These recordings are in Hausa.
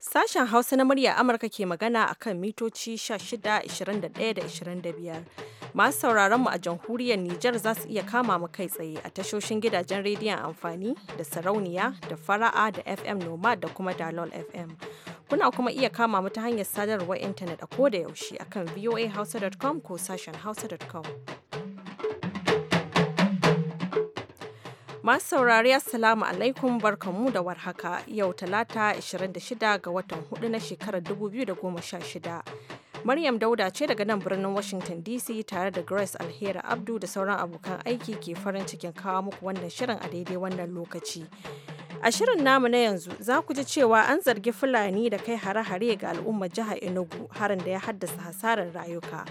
Sashen Hausa na murya Amurka ke magana a kan mitoci 16, 21 da 25. Masu sauraronmu a jamhuriyar Nijar za su iya kama mu kai tsaye a tashoshin gidajen rediyon amfani da sarauniya da fara'a da FM Nomad da kuma Dalol FM. Kuna kuma iya kama mu ta hanyar sadarwar intanet a koda yaushe akan voahausa.com ko sashen hausa.com. Masu saurari Assalamu alaikum barkanmu da warhaka yau talata 26 ga watan hudu na shekarar 2016. Maryam Dauda ce daga nan birnin Washington DC tare da Grace Alhera Abdu da sauran abokan aiki ke farin cikin kawo muku wannan shirin a daidai wannan lokaci. A shirin namu na yanzu za ku ji cewa an zargi Fulani da kai hare-hare ga al'ummar jihar Enugu harin da ya haddasa hasarar rayuka.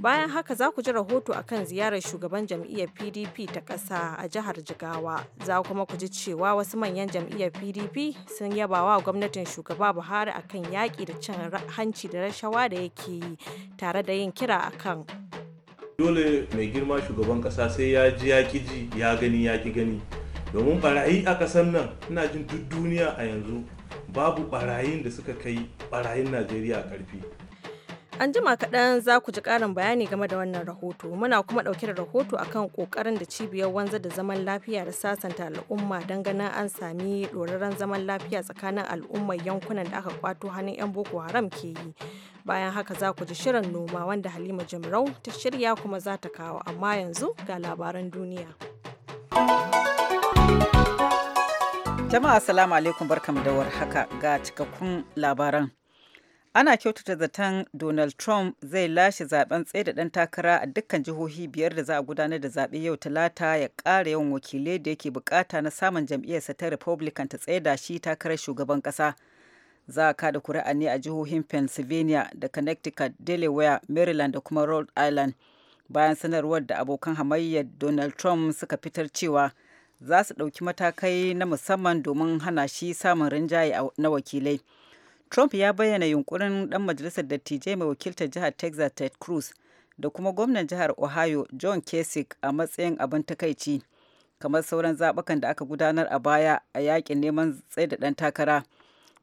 Bayan haka za ku ji rahoto akan ziyarar shugaban jam'iyyar PDP ta ƙasa a jihar Jigawa. Za kuma ku ji cewa wasu manyan jam'iyyar PDP sun yaba wa gwamnatin shugaba Buhari akan yaƙi da cin hanci da rashawa da yake yi tare da yin kira akan dole mai girma shugaban ƙasa sai ya ji ya ji ya gani ya ki gani domin barayi a ƙasar nan ina jin duk duniya a yanzu babu barayin da suka kai barayin najeriya ƙarfi. An jima kaɗan za ku ji ƙarin bayani game da wannan rahoto. Muna kuma ɗauke da rahoto akan ƙoƙarin da cibiyar wanzar da zaman lafiya da sasanta al'umma don ganin an sami ɗoraren zaman lafiya tsakanin al'ummar yankunan da aka kwato hannun 'yan Boko Haram ke yi. Bayan haka za ku ji shirin noma wanda Halima Jimrau ta shirya kuma za ta kawo. Amma yanzu ga labaran duniya. Jama'a salamu alaikum barkamu da warhaka ga cikakkun labaran. ana kyautata zaton donald trump zai lashe zaben tsaye ɗan takara a dukkan jihohi biyar da za a gudanar da zaɓe yau talata ya ƙara yawan wakilai da yake bukata na samun jam'iyyarsa ta republican ta tsaye da shi takarar shugaban ƙasa za a kada kuri'a ne a jihohin pennsylvania da connecticut delaware maryland da kuma rhode island bayan sanarwar da abokan hamayya donald trump suka fitar cewa za su ɗauki matakai na musamman domin hana shi samun rinjaye na wakilai Trump ya bayyana yunkurin ɗan majalisar dattijai mai wakiltar jihar Texas Ted Cruz da kuma gwamnan jihar Ohio John Kasich a matsayin abin takaici kamar sauran zaɓukan da aka gudanar a baya a yakin neman tsaida ɗan takara.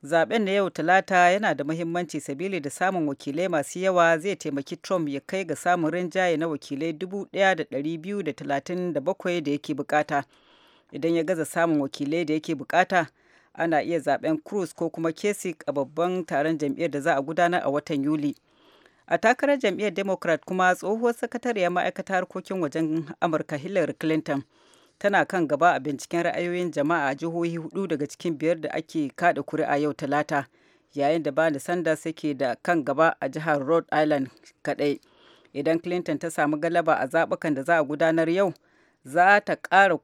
Zaben na yau Talata yana da muhimmanci sabili da samun wakilai masu yawa zai taimaki Trump ya kai ga samun rinjaye na wakilai 1,237 da yake bukata. Idan ya gaza samun wakilai da yake bukata, ana iya zaben cruz ko kuma kesik a babban taron jam'iyyar da za a gudanar a watan yuli a takarar jam'iyyar democrat kuma tsohuwar sakatariyar ma'aikatar harkokin wajen amurka hillary clinton tana kan gaba a binciken ra'ayoyin jama'a a jihohi hudu daga cikin biyar da ake kada kuri'a yau talata yayin da bani sanders yake da kan gaba a jihar rhode island kadai idan clinton ta samu galaba a zabukan da za a gudanar yau za ta ƙara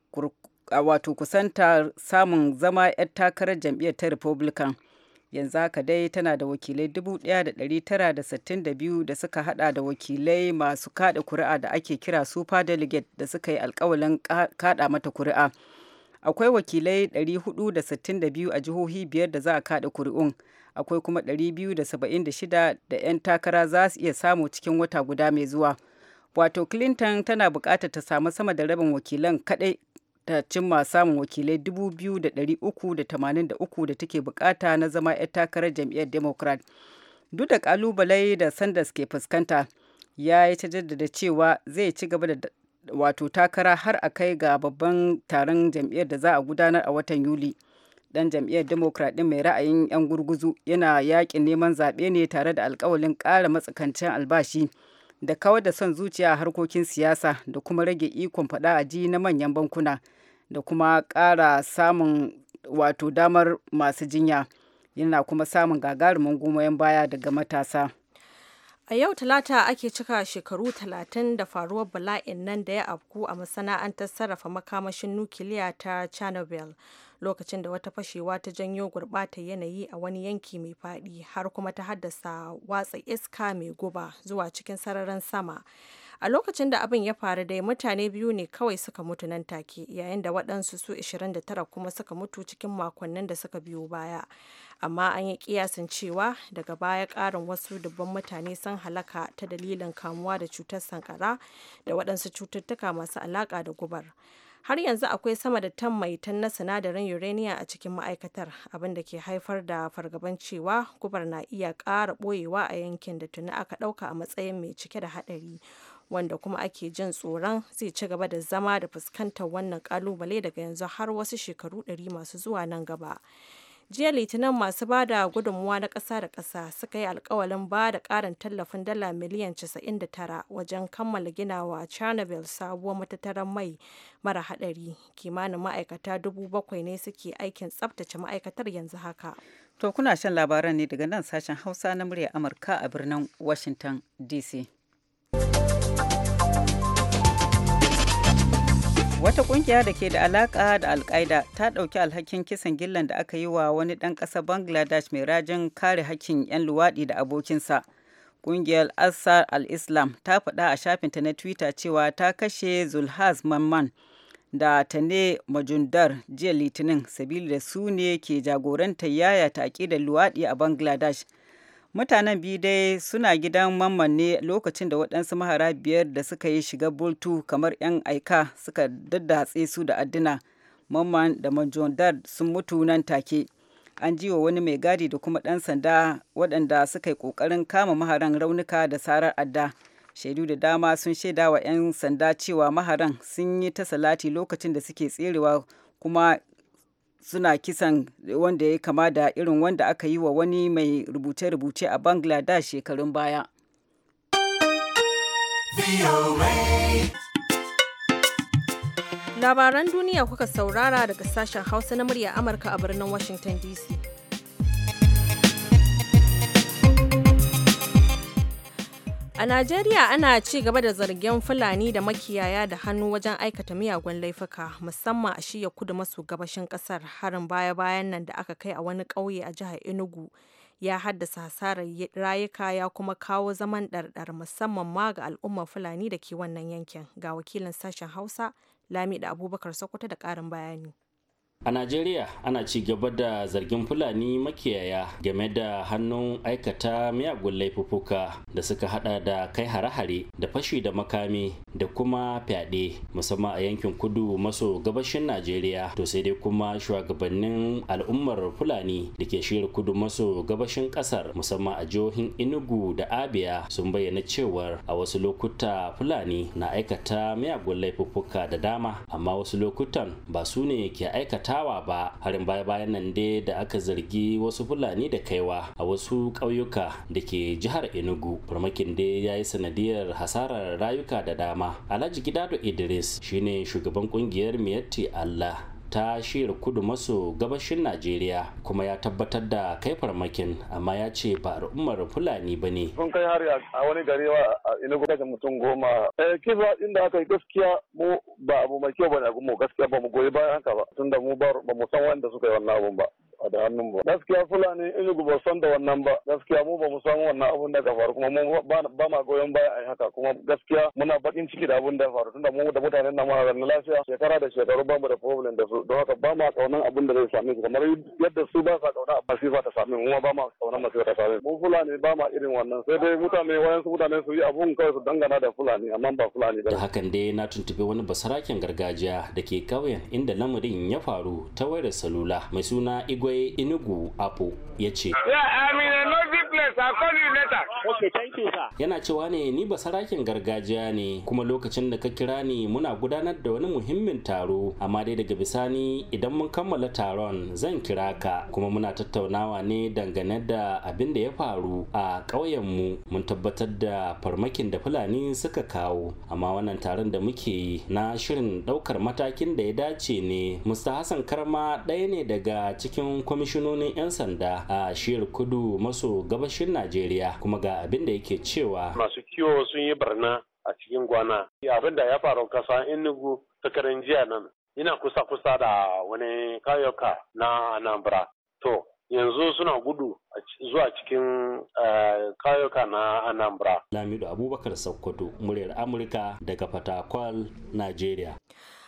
wato kusanta samun zama 'yar takarar jam'iyyar ta republican yanzu haka dai tana da wakilai 1962 da suka hada da wakilai masu kada kuri'a da ake kira super delegate da suka yi alkawalin kada mata kuri'a akwai wakilai 462 a jihohi biyar da za a kada kuri'un akwai kuma 276 da 'yan takara za su iya samu cikin wata guda mai zuwa wato clinton tana bukatar ta samu sama da rabin wakilan kadai ta cimma samun wakilai 2,383 da take bukata na zama 'yar takarar jam'iyyar democrat duk da kalubale da sanders ke fuskanta ya yi ta jaddada cewa zai ci gaba da wato takara har a kai ga babban taron jam'iyyar da za a gudanar a watan yuli dan jam'iyyar democrat din mai ra'ayin 'yan gurguzu yana yakin neman zaɓe ne tare da alkawalin ƙara matsakancin albashi da kawar da son zuciya a harkokin siyasa da kuma rage ikon faɗa a ji na manyan bankuna da kuma ƙara samun wato damar masu jinya yana kuma samun gagarumin goyon baya daga matasa. A yau Talata ake cika shekaru talatin da faruwar bala'in nan da ya afku a masana'antar sarrafa makamashin nukiliya ta Chernobyl lokacin da wata fashewa ta janyo gurɓatar yanayi a wani yanki mai faɗi har kuma ta haddasa watsa iska mai guba zuwa cikin sararin sama. a lokacin da abin ya faru dai mutane biyu ne kawai suka mutu nan take yayin da waɗansu su 29 kuma suka mutu cikin makonnin da suka biyo baya amma an yi kiyasin cewa daga baya ƙarin wasu dubban mutane sun halaka ta dalilin kamuwa da cutar sankara da waɗansu cututtuka masu alaƙa da gubar har yanzu akwai sama da tan maitan na sinadarin uranium a cikin ma'aikatar abin da ke haifar da fargaban cewa gubar na iya ƙara ɓoyewa a yankin da tuni aka ɗauka a matsayin mai cike da haɗari wanda kuma ake jin tsoron zai ci gaba da zama da fuskantar wannan kalubale daga yanzu har wasu shekaru ɗari masu zuwa nan gaba. jiya litinin masu ba da gudunmuwa na ƙasa da ƙasa suka yi alkawalin ba da ƙarin tallafin dala miliyan 99 wajen kammala ginawa chernobyl sabuwar matattaran mai mara haɗari kimanin ma'aikata 7,000 ne suke aikin tsabtace ma'aikatar yanzu haka to kuna shan labaran ne daga nan sashen hausa na murya amurka a birnin washington dc Wata kungiya da ke da alaka da al ta ɗauki alhakin kisan gillan da aka yi wa wani ɗan ƙasar Bangladesh mai rajin kare hakkin 'yan luwaɗi da abokinsa. Kungiyar Assar al-Islam ta faɗa a shafinta na Twitter cewa ta kashe Zulhaz Mamman da Tane Majundar jiya Litinin, sabili da su ne ke jagorantar yaya ta luwaɗi a Bangladesh. mutanen biyu dai suna gidan mamman ne lokacin da waɗansu mahara biyar da suka yi shiga bultu kamar 'yan aika suka daddatse su da adduna mamman da manjondar sun mutu nan take an ji wa wani mai gadi da kuma ɗan sanda waɗanda suka yi ƙoƙarin kama maharan raunuka da sarar adda shaidu da dama sun shaida wa 'yan sanda cewa maharan sun yi ta salati lokacin da suke tserewa kuma suna kisan wanda ya kama da irin wanda aka yi wa wani mai rubuce-rubuce a bangladesh shekarun baya labaran duniya kuka saurara daga sashen hausa na murya amurka a birnin washington dc A Najeriya ana ci gaba da zargin Fulani da makiyaya da hannu wajen aikata miyagun laifuka musamman a shiya kudu maso gabashin kasar harin baya-bayan nan da aka kai a wani ƙauye a jihar Enugu ya haddasa hasarar rayuka ya kuma kawo zaman ɗarɗar musamman ma ga al'ummar Fulani da ke wannan yankin ga wakilin sashen Hausa Lami Abubakar Sokoto da ƙarin bayani. A Najeriya ana ci gaba da zargin Fulani makiyaya game da hannun aikata miyagun laifuka da suka hada da kai hare-hare da fashi da makami da kuma fyaɗe musamman a yankin kudu maso gabashin Najeriya to sai dai kuma shugabannin al'ummar Fulani da ke shirya kudu maso gabashin ƙasar musamman a jihohin inugu da Abia sun bayyana cewar a wasu lokuta Fulani na aikata miyagun laifuka da dama amma wasu lokutan ba su ne ke aikata tawa ba harin baya bayan nan dai da aka zargi wasu fulani da kaiwa a wasu ƙauyuka da ke jihar enugu farmakin dai ya yi sanadiyar hasarar rayuka da dama alhaji gidado idris shine shugaban kungiyar miyatti allah ta shiyar kudu maso gabashin najeriya kuma ya tabbatar da kai farmakin amma ya ce ba al'ummar fulani ba ne sun kai hari a wani gari a inugu kashe mutum goma eh, kiba inda aka yi gaskiya mu ba abu mai kyau bane abu mu gaskiya ba mu goyi bayan haka ba tunda mu ba mu san wanda suka yi wannan abun ba a da hannun ba gaskiya fulani inugu ba san da wannan ba gaskiya mu ba mu san wannan abun da ka faru kuma mu ba ma goyon baya a haka kuma gaskiya muna bakin ciki da abun da faru tunda mu da mutanen nan lafiya shekara da shekaru ba mu da problem da su don haka ba ma kaunan abun da zai same su kamar yadda su ba sa kauna masifa ta same mu ba ma kaunan masifa ta same mu fulani ba ma irin wannan sai dai mutane wayansu mutane su yi abun kawai su dangana da fulani amma ba fulani ba hakan dai na tuntube wani basaraken gargajiya da ke kauyen inda lamarin ya faru ta wayar salula mai suna igwe Igwe Inugu Apo ya ce. Yana cewa ne ni sarakin gargajiya ne kuma lokacin da ka kira ni muna gudanar da wani muhimmin taro amma dai daga bisani idan mun kammala taron zan kira ka kuma muna tattaunawa ne dangane da abin da ya faru a ƙauyenmu mun tabbatar da farmakin da Fulani suka kawo amma wannan taron da muke yi na shirin ɗaukar matakin da ya dace ne musta Hassan Karma ɗaya ne daga cikin kwamishinonin 'yan sanda a shiyar kudu maso gabashin najeriya kuma ga abin da yake cewa masu kiwo sun yi barna a cikin gwana abin da ya faru kasa enugu takarin jiya nan ina kusa kusa da wani kayoka na anambra to yanzu suna gudu zuwa cikin kayoka eh, na anambra lamido abubakar sokoto muryar amurka daga fatakwal najeriya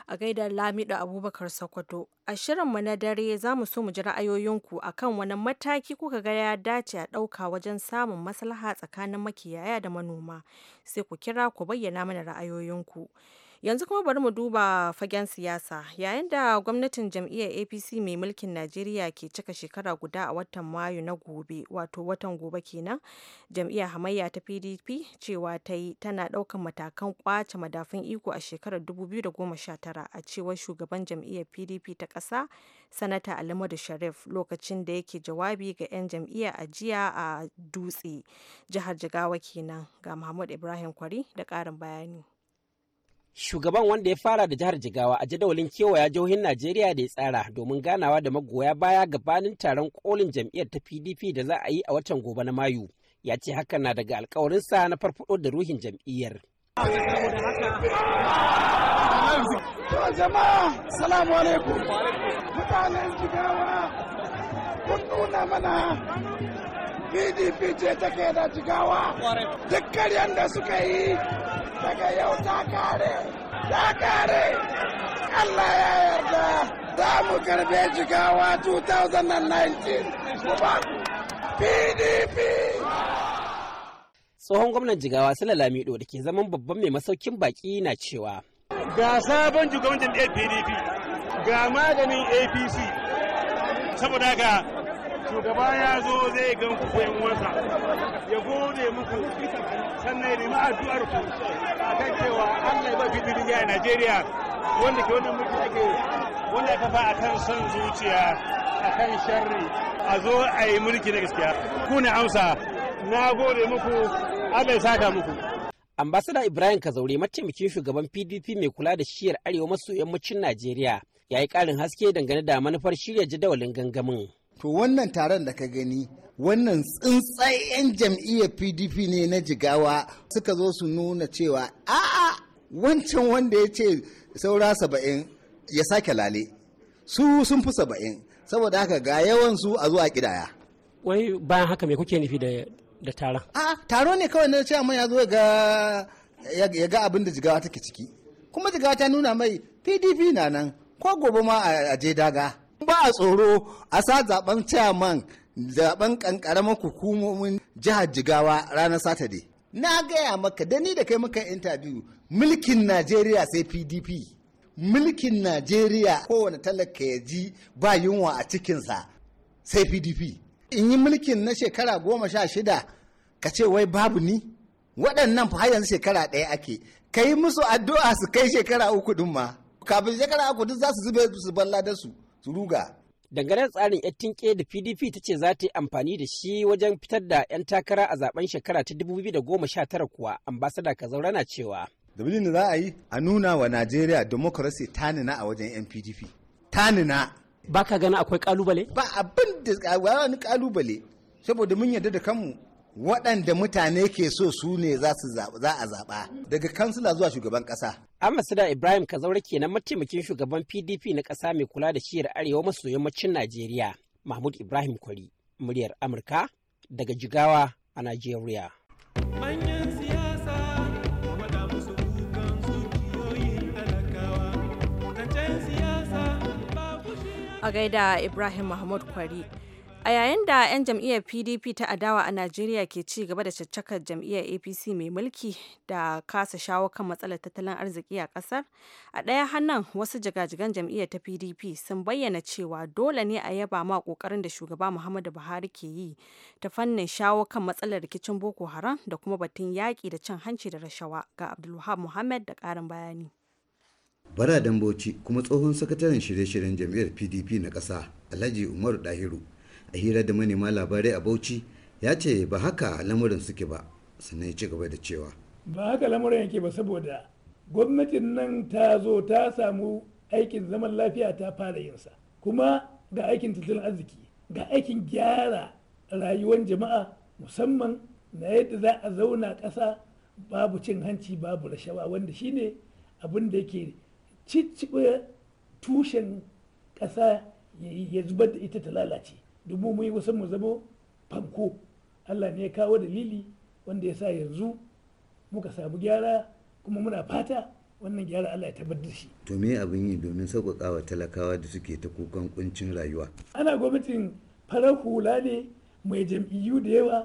a gaidar Lamido Abubakar Sokoto. A shirin mu na dare za mu so mu ji ra'ayoyinku akan wani mataki kuka ga ya dace a ɗauka wajen samun maslaha tsakanin makiyaya da manoma. Sai ku kira ku bayyana mana ra'ayoyinku. Yanzu kuma bari mu duba fagen siyasa. Yayin da gwamnatin jam'iyyar APC mai mulkin Najeriya ke cika shekara guda a watan Mayu na gobe, wato watan gobe kenan, jam'iyyar hamayya ta PDP cewa ta yi tana ɗaukan matakan kwace madafun iko a shekarar 2019 a cewar shugaban jam'iyyar PDP ta ƙasa, Sanata Alimadu Sharif lokacin da yake jawabi ga 'yan jam'iyyar a jiya a Dutse, jihar Jigawa kenan. Ga Mahmud Ibrahim Kwari da ƙarin bayani. Shugaban wanda ya fara da jihar Jigawa a jadawalin kewaya jihohin Najeriya da ya tsara domin ganawa da magoya baya gabanin taron kolin jam'iyyar ta PDP da za a yi a watan gobe na Mayu. Ya ce hakan na daga sa na farfado da ruhin jam'iyyar. pdp ce take da jigawa duk karyar da suka yi daga yau ta kare ta kare Allah ya yarda za mu karbe jigawa 2019 ku ba PDP tsohon gwamnan jigawa suna lamido da ke zaman babban mai masaukin baki na cewa ga sabon shugaban apdp pdp ga maganin apc saboda ga. shugaba ya zo zai gan ku koyan wasa ya gode muku sannan ya nemi addu'ar ku a kan cewa Allah ya ba fitilin ya Najeriya wanda ke wani mutum ake wanda ya kafa a kan son zuciya a kan sharri a zo a yi mulki na gaskiya ku ne amsa na gode muku Allah ya saka muku ambasada ibrahim kazaure mataimakin shugaban pdp mai kula da shiyar arewa maso yammacin najeriya ya yi ƙarin haske dangane da manufar shirya jadawalin gangamin to wannan taron da ka gani wannan tsuntsayen jam'iyyar pdp ne na jigawa suka zo su nuna cewa a'a wancan wanda ya ce saura saba'in ya sake lale su sun fi saba'in saboda haka ga yawan su a zuwa kidaya wai bayan haka me kuke nufi da taron a taro ne kawai na cewa mai ya zo ya ga abin da jigawa take ciki kuma jigawa ta nuna mai pdp na nan ko gobe ma a je daga ba a tsoro a sa zaben chairman zaben kankaramin hukumomin jihar jigawa ranar saturday na gaya maka da ni da kai muka interview mulkin najeriya sai pdp mulkin najeriya kowane talaka ya ji ba yunwa a cikinsa sai pdp in yi mulkin na shekara goma sha shida ka ce wai babu ni waɗannan fa yanzu shekara ɗaya ake ka yi musu addu'a su kai shekara uku ɗin ma kafin shekara uku duk za su zube su balla da su su ruga dangane tsarin yattinke da pdp ta ce za ta yi amfani da shi wajen fitar da 'yan takara a zaben shekara ta 2019 kuwa ambasada kazaura na cewa dalilin da za a yi a nuna wa najeriya ta nuna a wajen 'yan pdp ta nuna ba ka gana akwai kalubale ba abin da wani kalubale saboda mun yarda da kanmu waɗanda mutane ke so su ne za a zaɓa daga kansila zuwa shugaban ƙasa Amasada Ibrahim Kazaure kenan mataimakin shugaban PDP na ƙasa mai kula da shiyar arewa maso yammacin Najeriya, Mahmud Ibrahim Kwari, muryar Amurka daga Jigawa a Najeriya. A gaida Ibrahim Mahmud Kwari. A yayin da 'yan jam'iyyar PDP ta adawa a Najeriya ke ci gaba da caccakar jam'iyyar APC mai mulki da kasa shawo kan matsalar tattalin arziki a kasar, a ɗaya hannun wasu jigajigan jam'iyyar ta PDP sun bayyana cewa dole ne a yaba ma ƙoƙarin da shugaba Muhammadu Buhari ke yi ta fannin shawo kan matsalar rikicin Boko Haram da kuma batun yaƙi da cin hanci da rashawa ga Abdulwahab Muhammad da ƙarin bayani. Bara Damboci kuma tsohon sakataren shirye-shiryen jam'iyyar PDP na ƙasa Alhaji Umaru Dahiru a hira da manema labarai a bauchi ya ce ba haka lamurin suke ba sannan ya ci gaba da cewa ba haka lamurin yake ba saboda gwamnatin nan ta zo ta samu aikin zaman lafiya ta fara yinsa kuma ga aikin tattalin arziki ga aikin gyara rayuwar jama'a musamman na yadda za a zauna ƙasa babu cin hanci babu rashawa wanda shine abin da ke cicciɓe tushen ƙasa ya zubar da ita ta lalace dubu mu yi wasan mu zama fanko allah ne ya kawo dalili wanda ya sa yanzu muka samu gyara kuma muna fata wannan gyara allah ya tabbatar shi to me abin yi domin wa talakawa da suke ta kukan kuncin rayuwa ana gwamnatin farar hula ne mai jam'iyyu da yawa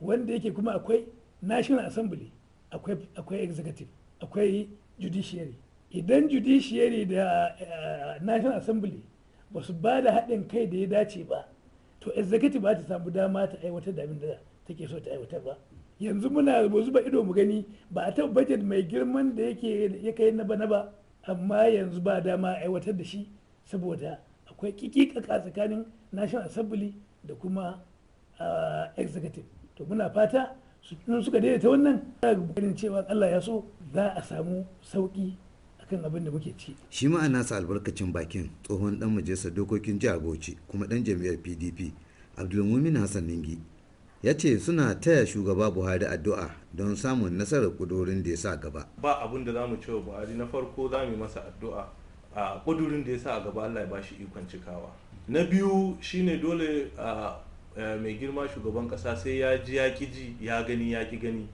wanda yake kuma akwai national assembly akwai executive akwai judiciary idan judiciary da eh, national assembly ba su ba da haɗin kai da ya dace ba to executive ba ta samu dama ta aiwatar da abin da take so ta aiwatar ba yanzu muna zuba ido mu gani ba a taɓa budget mai girman da yake ya kai na bana ba amma yanzu ba dama aiwatar da shi saboda akwai kikikaka tsakanin national assembly da kuma executive to muna fata su suka daidaita wannan ganin cewa allah ya so za a samu sauki kan abin da muke ci shi ma nasa albarkacin bakin tsohon dan majalisar dokokin jihar bauchi kuma dan jami'ar pdp abdulmumin hassan ningi ya ce suna taya shugaba buhari addu'a don samun nasarar kudurin da ya sa gaba ba abin da zamu cewa buhari na farko zamu mu masa addu'a a kudurin da ya sa a gaba allah ya ba shi ikon cikawa na biyu shine dole mai girma shugaban kasa sai ya ji ya ji ya gani ya ki gani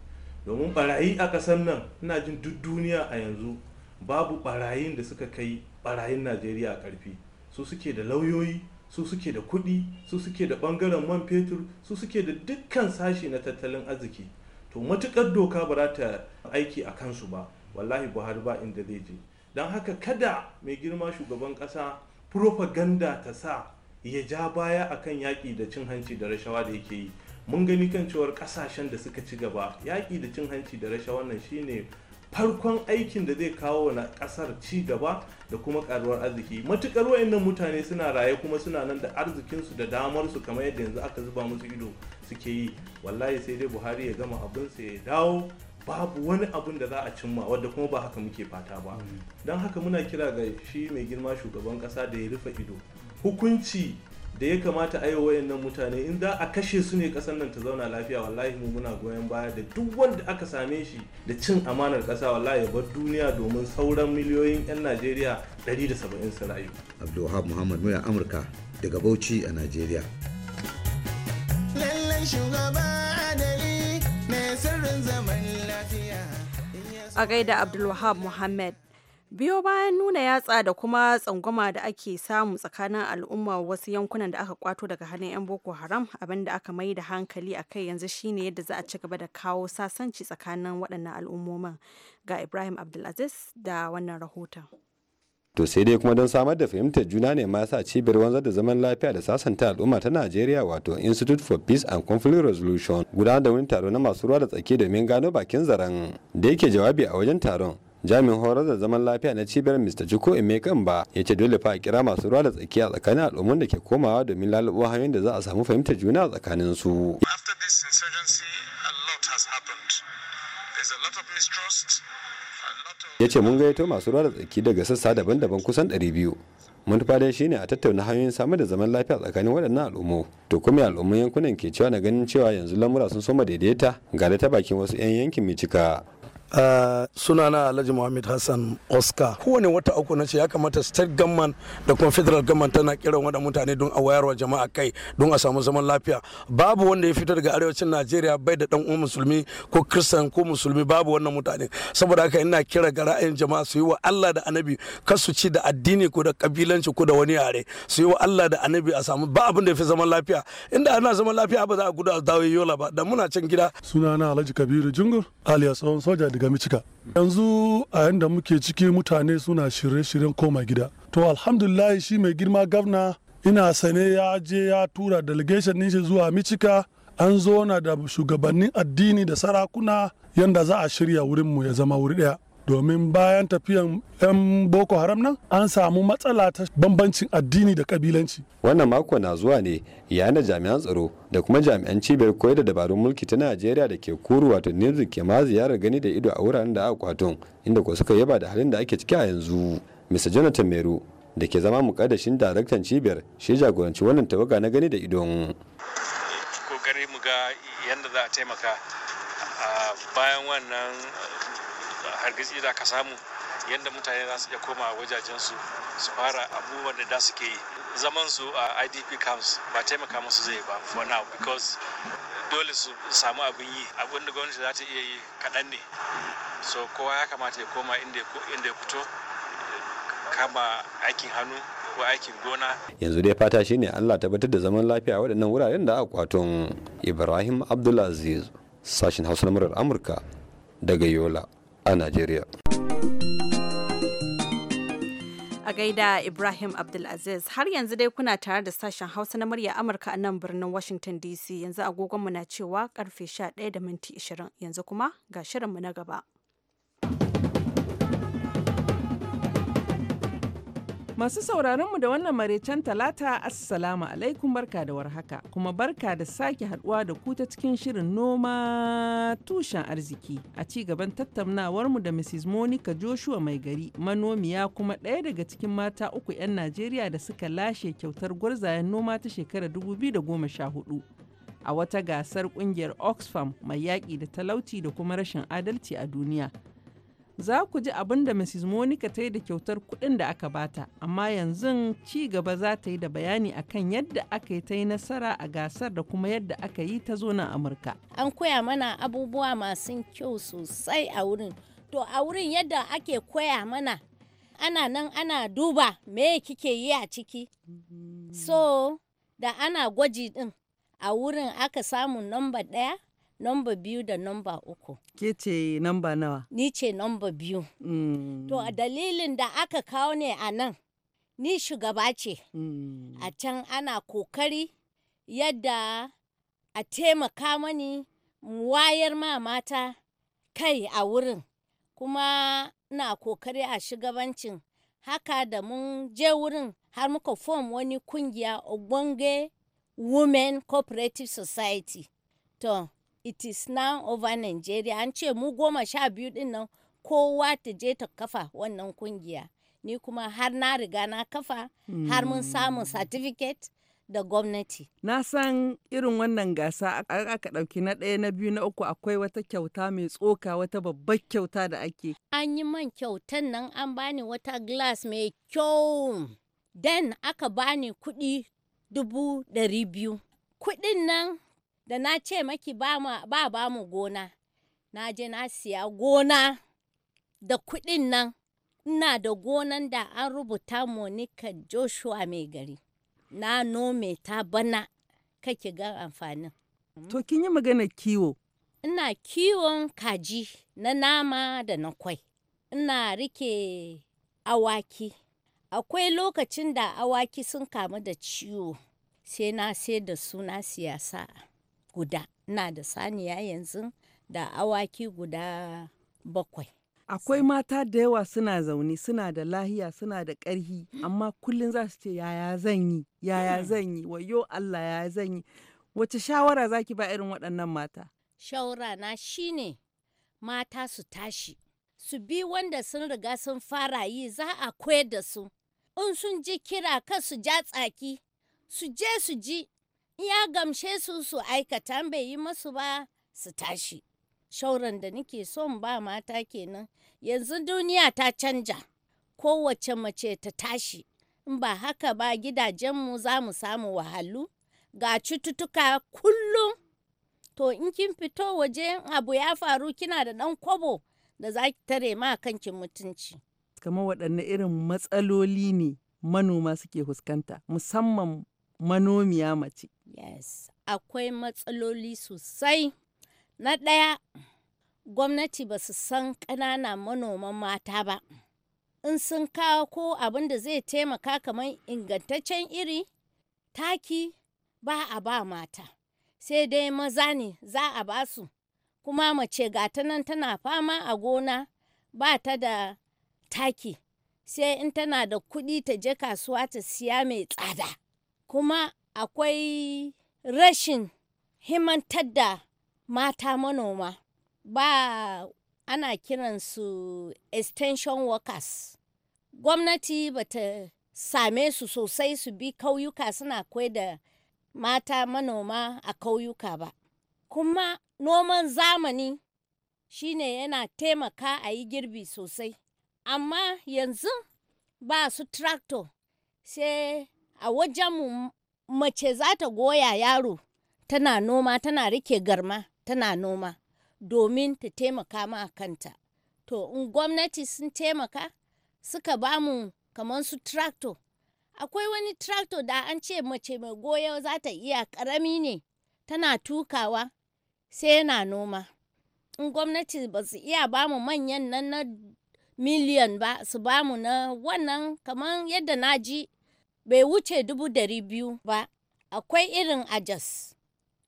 domin barayi a kasan nan ina jin duk duniya a yanzu babu barayin da suka kai barayin najeriya karfi su suke da lauyoyi su suke da kuɗi su suke da ɓangaren man fetur su suke da dukkan sashi na tattalin arziki to matukar doka ba za ta aiki a kansu ba wallahi buhari ba inda zai je don haka kada mai girma shugaban ƙasa propaganda ta sa ya ja baya akan yaƙi da cin hanci da rashawa da yake yi mun gani kan cewar ƙasashen da suka ci gaba yaƙi da cin hanci da rashawa nan shine farkon aikin da zai kawo wa kasar ci gaba da kuma karuwar arziki matukar wayannan mutane suna raye kuma suna nan da arzikinsu da damarsu kamar yadda yanzu aka zuba musu ido suke yi wallahi sai dai buhari ya gama abinsa ya dawo babu wani abin da za a cimma wadda kuma ba haka muke fata ba mm. don haka muna kira ga shi mai girma shugaban kasa da ya rufe ido hukunci da ya kamata a yi wa wayannan mutane in za a kashe su ne kasar nan ta zauna lafiya wallahi mu muna goyon baya da duk wanda aka same shi da cin amanar kasa wallahi ya bar duniya domin sauran miliyoyin 'yan najeriya 170 su rayu abdulwahab muhammad muya amurka daga bauchi a najeriya lallai sirrin zaman lafiya a gaida abdulwahab muhammad biyo bayan nuna yatsa da kuma tsangwama da ake samu tsakanin al'umma wasu yankunan da aka kwato daga hannun 'yan boko haram abinda aka mai da hankali a kai yanzu shine yadda za a ci gaba da kawo sasanci tsakanin waɗannan al'ummomin ga ibrahim abdulaziz da wannan rahoton to sai dai kuma don samar da fahimtar juna ne ma sa cibiyar wanzar da zaman lafiya da sasanta al'umma ta najeriya wato institute for peace and conflict resolution gudanar da wani taro na masu ruwa da tsaki domin gano bakin zaren da yake jawabi a wajen taron jami'in horar da zaman lafiya na cibiyar mr jiko kan ba ya ce dole fa a kira masu ruwa da tsakiya tsakanin al'ummar da ke komawa domin lalubo hanyoyin da za a samu fahimtar juna a tsakanin su ya ce mun gayyato masu ruwa da tsaki daga sassa daban-daban kusan 200 mun shi ne a tattauna hanyoyin samar da zaman lafiya tsakanin waɗannan al'ummu to kuma al'umman yankunan ke cewa na ganin cewa yanzu lamura sun soma daidaita ga da ta bakin wasu 'yan yankin mai cika Uh, sunana alhaji muhammad hassan oscar kowane wata uku na ce ya kamata state government da kuma federal government tana kiran waɗannan mutane don a wayarwa jama'a kai don a samu zaman lafiya babu wanda ya fito daga arewacin najeriya bai da dan uwan musulmi ko kristan ko musulmi babu wannan mutane saboda haka ina kira ga ra'ayin jama'a su yi wa allah da annabi kar su ci da addini ko da kabilanci ko da wani yare su yi wa allah da annabi a samu ba abin da ya fi zaman lafiya inda ana zaman lafiya ba za a gudu a dawo yola ba da muna can gida sunana alhaji kabiru jungur alias soja daga cika Yanzu a yadda muke ciki mutane suna shirye-shiryen koma gida. To alhamdulillah shi mai girma gavna ina sane ya je ya tura delegation ɗin shi zuwa micika an zo na da shugabannin addini da sarakuna yanda za a shirya wurinmu ya zama wuri ɗaya. domin bayan tafiyan 'yan boko haram nan an samu matsala ta bambancin addini da kabilanci wannan mako na zuwa ne yayin da jami'an tsaro da kuma jami'an cibiyar koyar da dabarun mulki ta najeriya da ke kuru wato nizu ke ma ziyarar gani da ido a wuraren da aka kwaton inda ko suka yaba da halin da ake ciki a yanzu mr jonathan meru da ke zama mukaddashin daraktan cibiyar shi jagoranci wannan tawaga na gani da ido. kokari mu ga yadda za a taimaka bayan wannan hargitsi da ka samu yadda mutane za su iya koma wajajensu su fara abubuwan da da suke yi zaman su a idp camps ba taimaka musu zai ba for now because dole su samu abin yi abin da gwamnati za ta iya yi kaɗan ne so kowa ya kamata ya koma inda ya fito kama aikin hannu ko aikin gona yanzu dai fata shine allah tabbatar da zaman lafiya waɗannan wuraren da aka kwaton ibrahim abdulaziz sashen hausa na murar amurka daga yola a najeriya a gaida Ibrahim Abdulaziz har yanzu dai kuna tare da sashen Hausa na murya Amurka a nan birnin Washington DC yanzu agogonmu na cewa karfe 11 da minti 20 yanzu kuma ga shirinmu na gaba. Masu sauraronmu da wannan maraicen talata Assalamu alaikum barka da warhaka kuma barka da sake haduwa da ku ta cikin shirin noma tushen arziki a ci gaban tattaunawarmu da Mrs. Monica Joshua mai gari manomiya kuma ɗaya daga cikin mata uku 'yan Najeriya da suka lashe kyautar gwarzayen noma ta shekarar 2014 a wata gasar kungiyar Oxfam mai yaƙi da talauci da kuma rashin adalci a duniya. Za ku ji abin da Mrs. Monica ta yi da kyautar kuɗin da aka bata, amma yanzu ci gaba za ta yi da bayani akan yadda aka yi ta yi nasara a gasar da kuma yadda aka yi ta zo nan Amurka. An koya mana abubuwa masu kyau sosai a wurin. To a wurin yadda ake koya mana ana nan ana duba me kike yi a ciki. So da ana gwaji din a wurin aka samu namba ɗaya nomba biyu da nomba uku. Ke ce nomba nawa? Ni ce nomba biyu. Mm. To a dalilin da aka kawo ne a nan, ni shugaba ce. Mm. A can ana kokari yadda a taimaka mani wayar ma mata kai a wurin. Kuma na kokari a shugabancin haka da mun je wurin har muka form wani kungiya Ogbonge Women Cooperative Society. To, it is now over Nigeria an ce mu goma sha biyu din nan kowa ta je ta kafa wannan kungiya ni kuma har na riga na kafa har mun mm. samun certificate da gwamnati. Na san irin wannan gasa aka ɗauki na ɗaya na biyu na uku akwai wata kyauta mai tsoka wata babbar kyauta da ake. An yi man kyautan nan an bani wata glass mai kyau. Den aka bani kuɗi dubu ɗari biyu. Kuɗin nan da na ce maki ba ba mu gona na je na siya gona da kuɗin nan ina da gonan da an rubuta monika joshua mai gari na nome ta bana kake ga amfanin to kin yi magana kiwo ina kiwon kaji na nama da na kwai ina rike awaki akwai lokacin da awaki sun kamu da ciwo sai na sai da su na siyasa guda na da saniya yanzu da awaki guda bakwai akwai mata da yawa suna zaune suna da lahiya suna da ƙarhi mm. amma kullum za su ce yaya zan yi yaya mm. zan yi wayo Allah yaya zan yi wace shawara zaki ba irin waɗannan mata shawara na shine mata su tashi su bi wanda sun riga sun fara yi za a koyar da su in sun ji kira kan su ja tsaki su je su ji ya gamshe su su aikata bai yi masu ba su tashi shauran da nike son ba mata kenan yanzu duniya ta canja kowace mace ta tashi in ba haka ba gidajenmu za mu samu wahalu ga cututtuka kullum to in kin fito waje abu ya faru kina da ɗan kwabo da za ki tare ma kanki mutunci kamar waɗanne irin matsaloli ne manoma suke fuskanta musamman manomiya mace Yes, akwai matsaloli sosai. Na ɗaya, gwamnati ba su san ƙanana manoman mata ba. In sun kawo ko abin da zai taimaka kamar ingantaccen iri, taki ba a ba mata, sai dai maza ne za a ba su. Kuma mace gata nan tana fama a gona ba ta da taki, sai in tana da kuɗi ta je kasuwa ta siya mai tsada. Kuma akwai rashin himantar da mata manoma ba ana kiransu extension workers gwamnati bata same su sosai su bi kauyuka suna kwai da mata manoma a kauyuka ba kuma noman zamani shine yana taimaka a yi girbi sosai amma yanzu ba su tractor sai a wajenmu mace za ta goya yaro tana noma tana rike garma tana noma domin ta taimaka ma kanta to in gwamnati sun taimaka suka bamu kamar su tractor akwai wani tractor da an ce mace mai goya za ta iya karami ne tana tukawa sai yana noma in gwamnati ba su iya bamu manyan nan na miliyan ba su bamu na wannan kamar yadda na ji bai wuce dubu dari biyu ba akwai irin ajas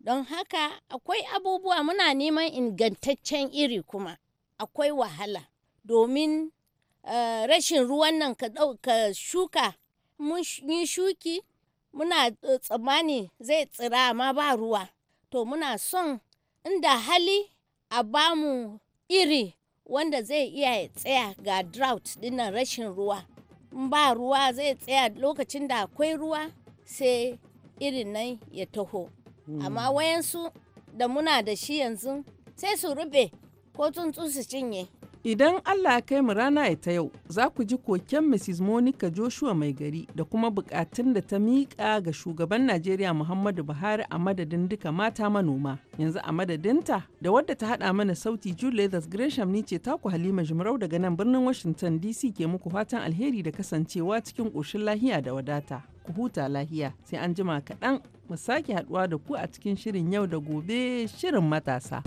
don haka akwai abubuwa muna neman ingantaccen iri kuma akwai wahala domin uh, rashin ruwan nan ka shuka mun yi shuki muna eh, tsammani zai tsira ma ba ruwa to muna son inda hali a bamu iri wanda zai iya tsaya ga drought dinnan rashin ruwa ba ruwa zai tsaya lokacin da akwai ruwa sai irin nan ya taho hmm. amma wayansu da muna da shi yanzu sai su rube ko tsuntsu su cinye Idan Allah ya kai mu rana ya ta yau, za ku ji koken Mrs. Monica Joshua mai gari da kuma bukatun da ta miƙa ga shugaban Najeriya Muhammadu Buhari a madadin duka mata manoma. Yanzu a madadinta da wadda ta haɗa mana sauti Julius Gresham ni ce ta ku Halima Jimarau daga nan birnin Washington DC ke muku fatan alheri da kasancewa cikin ƙoshin lahiya da wadata. Ku huta lahiya sai an jima kaɗan mu sake haɗuwa da ku a cikin shirin yau da gobe shirin matasa.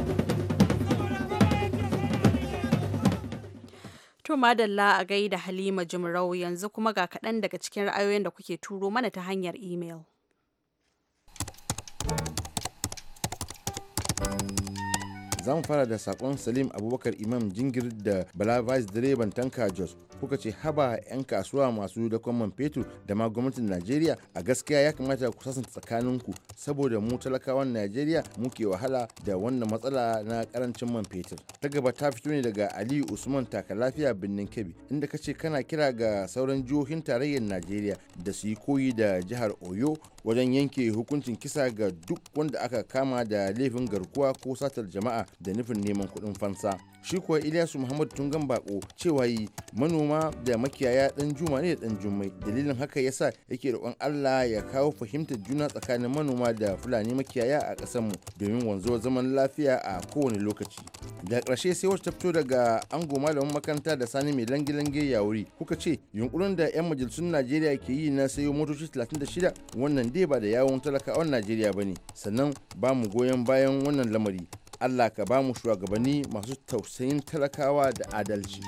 To madalla a gaida Halima Jimrau yanzu kuma ga kaɗan daga cikin ra'ayoyin da kuke turo mana ta hanyar imel. za fara da sakon salim abubakar imam jingir da bala vice direban tanka jos kuka ce haba 'yan kasuwa masu dakon man fetur da ma gwamnatin najeriya a gaskiya ya kamata ku sasanta tsakaninku saboda mu talakawan najeriya muke wahala da wannan matsala na karancin man fetur ta gaba ta fito ne daga aliyu usman taka lafiya birnin kebbi inda ka ce kana kira ga sauran jihohin tarayyar najeriya da su yi koyi da jihar oyo wajen yanke hukuncin kisa ga duk wanda aka kama da laifin garkuwa ko satar jama'a da nufin neman kuɗin fansa shi kuwa ilyasu muhammad gan bako cewa yi manoma da makiyaya dan juma ne da dan jummai dalilin haka ya sa yake roƙon allah ya kawo fahimtar juna tsakanin manoma da fulani makiyaya a ƙasar domin wanzuwar zaman lafiya a kowane lokaci da ƙarshe sai wacce ta fito daga ango malamin makaranta da sani mai lange-lange ya wuri kuka ce yunkurin da 'yan majalisun najeriya ke yi na sayo motoci 36 wannan dai ba da yawon talakawan najeriya ba ne sannan ba mu goyon bayan wannan lamari allah ka ba mu shugabanni masu tausayin talakawa da adalci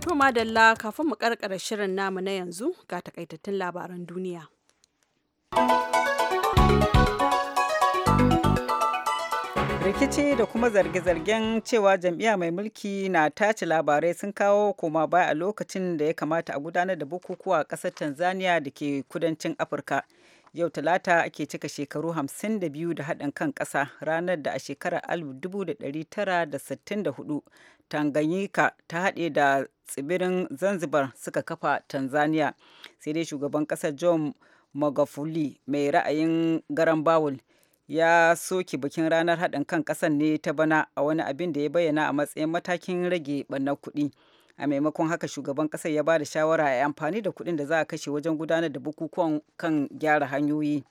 to madalla kafin mu karkara shirin namu na yanzu ga takaitattun labaran duniya. rikici da kuma zarge-zargen cewa jam'iyya mai mulki na tace labarai sun kawo koma baya a lokacin da ya kamata a gudanar da bukukuwa a ƙasar tanzania da ke kudancin afirka yau talata ake cika shekaru 52 da haɗin kan ƙasa ranar da a shekarar 1964 tanganyika ta haɗe da tsibirin zanzibar suka kafa tanzania sai dai shugaban ƙasar john magafuli mai ra'ayin garan bawul ya soke bikin ranar haɗin kan ƙasan ne ta bana a wani abin da ya bayyana a matsayin matakin rage ɓannar kuɗi a maimakon haka shugaban ƙasar ya ba da shawara a amfani da kuɗin da za a kashe wajen gudanar da bukukuwan kan gyara hanyoyi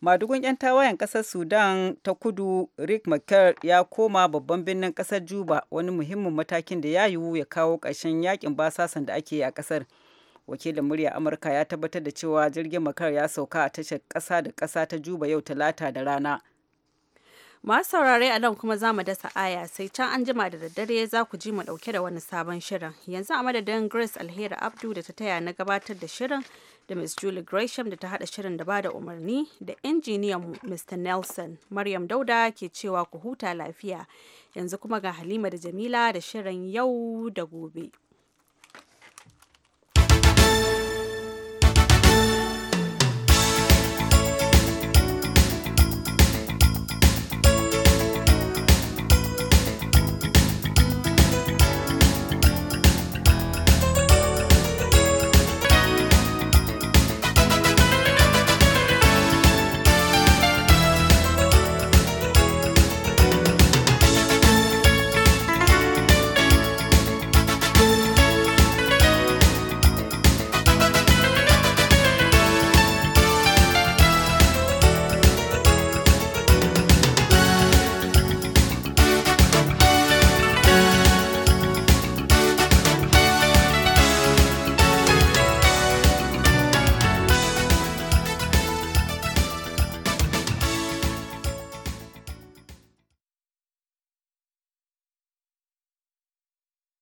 madugun 'yan tawayen ƙasar sudan ta kudu rick mccall ya koma babban birnin ƙasar juba wani muhimmin matakin da ya yiwu ya kawo ƙarshen yakin basasan da ake yi a ƙasar wakilin murya amurka ya tabbatar da cewa jirgin makar ya sauka a tashar kasa da kasa ta juba yau talata da rana masu saurare a nan kuma za mu dasa aya sai can an jima da daddare za ku ji mu dauke da wani sabon shirin yanzu a madadin grace alheri abdu da ta taya na gabatar da shirin da miss julie gresham da ta hada shirin da bada umarni da injiniyan mr nelson maryam dauda ke cewa ku huta lafiya yanzu kuma ga halima da jamila da shirin yau da gobe